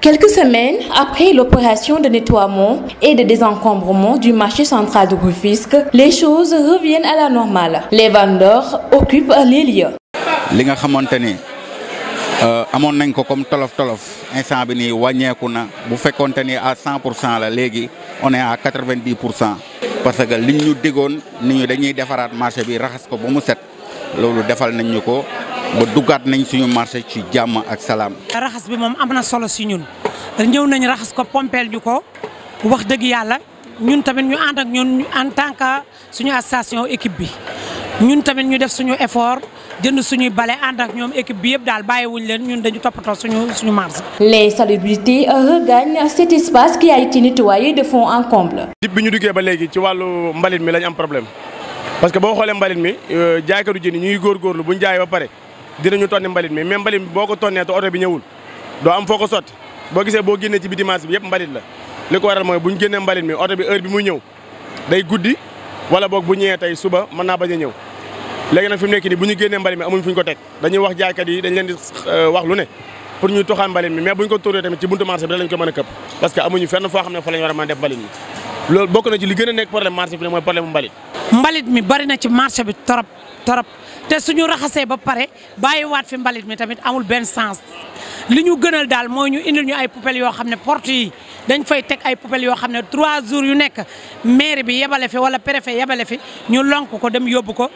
Quelques semaines après l'opération de nettoiement et de désencombrement du marché central de Rufisque, les choses reviennent à la normale. Les vendeurs occupent les lieux. li nga xamante ni euh, amoon ko comme tolof tolof instant bi nii de na bu fekkonte ni à 100 la léegi on est à 90 parce que liñ ñu digoon ni ñu dañuy defaraat marché bi raxas ko ba mu set loolu defal nañ ñu ko ba duggaat nañ suñu marché ci jàmm ak salaam. raxas bi moom am na solo si ñun ñëw nañ raxas ko pompeel ñu ko wax dëgg yàlla ñun tamit ñu ànd ak ñun en tant que suñu association équipe bi ñun tamit ñu def suñu effort. jënd suñuy bale ànd ak ñoom équipe bi yëpp daal bàyyiwuñ leen ñun dañu toppatoo suñu suñu marché. les salubrités euh, regagnent cet espace qui a été nettoyé de fond en comble. dib bi ñu duggee ba léegi ci wàllu mbalit mi lañ am problème parce que boo xoolee mbalit mi euh, jaaykatu jën ñu ngi góorgóorlu bu ñu jaayee ba pare dinañu tonni mbalit mi mais mbalit mi boo ko tonnee te oto bi ñëwul doo am foo ko sotti boo gisee boo génnee ci biti marché bi yëpp mbalit la li waral mooy bu ñu mbalit mi oto bi heure bi muy ñëw day guddi wala boog bu ñëwee tey suba mën naa bañ a léegi nag fi mu nekk nii bu ñu génnee mbalit mi amuñ fu ñu ko teg dañuy wax jaaykat yi dañ leen euh, wax lu ne pour ñuy toxaan mbalit mi mais bu ñu ko tóoree tamit ci buntu marché bi da lañ ko a këpp parce que amuñu fenn foo xam ne fa lañ mi loolu na a nekk problème marché bi ne mooy problème raxasee ba pare bàyyiwaat fi mbalit mi tamit amul benn sens li ñu gënal daal mooy ñu indi ñu ay poubelles yoo xam ne porte yi dañ fay tek ay poubelles yo xamné 3 jours yu nek maire bi yebale fi wala préfet yebale fi ñu lonk ko dem yóbbu ko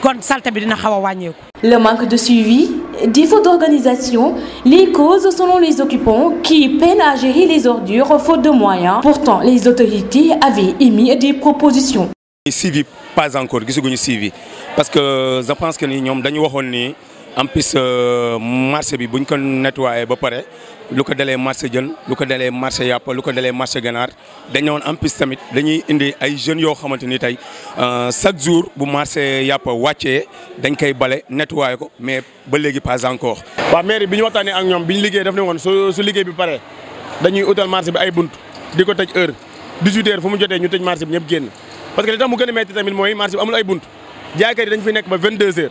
kon salte bi dina xawa a Le manque de suivi, défaut d'organisation, les causes selon les occupants qui peinent à gérer les ordures faute de moyens. Pourtant, les autorités avaient émis des propositions. Suivi, pas encore, suivi. Parce que je pense que nous avons en plus euh, marché bi buñ ko nettoyé ba pare lu ko dalee marché jën lu ko dalee marché yàpp lu ko dalee marché ganaar dañ dañoon en plus tamit dañuy indi ay jeunes yoo xamante ni tey euh, chaque jour bu marché yàpp wàccee dañ koy bale nettoyé ko mais ba léegi pas encore. waaw mairie bi ñu ak ñoom bi liggéey daf ne woon su liggéey bi pare dañuy utal marché bi ay bunt di ko tëj heure 18 heures fu mu jotee ñu tëj marché bi ñëpp génn parce a tamit mooy marché bi amul bunt jaaykat yi dañ fi nekk ba 22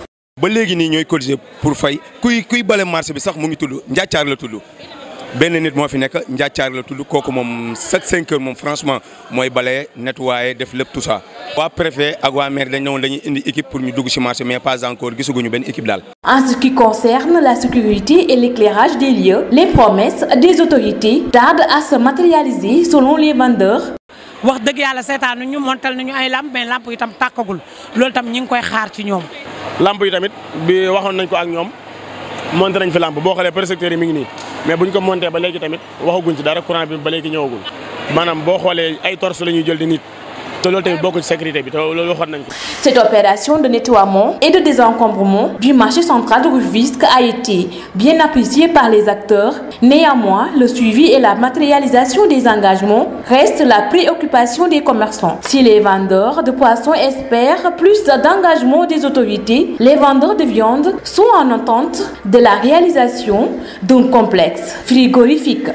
En ce qui concerne la sécurité et l'éclairage des lieux, les promesses des autorités tardent à se matérialiser selon les vendeurs. wax dëgg yàlla seetaan seetaanu ñu montal ñu ay làmp mais làmp yi tam tàkkagul loolu tam ñi ngi koy xaar ci ñoom. làmp yi tamit bi waxoon nañ ko ak ñoom monté nañ fi làmp boo xoolee projecteur yi mi ngi nii mais buñ ko monté ba léegi tamit waxaguñ ci dara courant bi ba léegi ñëwagul maanaam boo xoolee ay torche la ñuy jël di nit Cette opération de nettoiement et de désencombrement du marché central de Rufisque a été bien appréciée par les acteurs. Néanmoins, le suivi et la matérialisation des engagements restent la préoccupation des commerçants. Si les vendeurs de poissons espèrent plus d'engagement des autorités, les vendeurs de viande sont en attente de la réalisation d'un complexe frigorifique.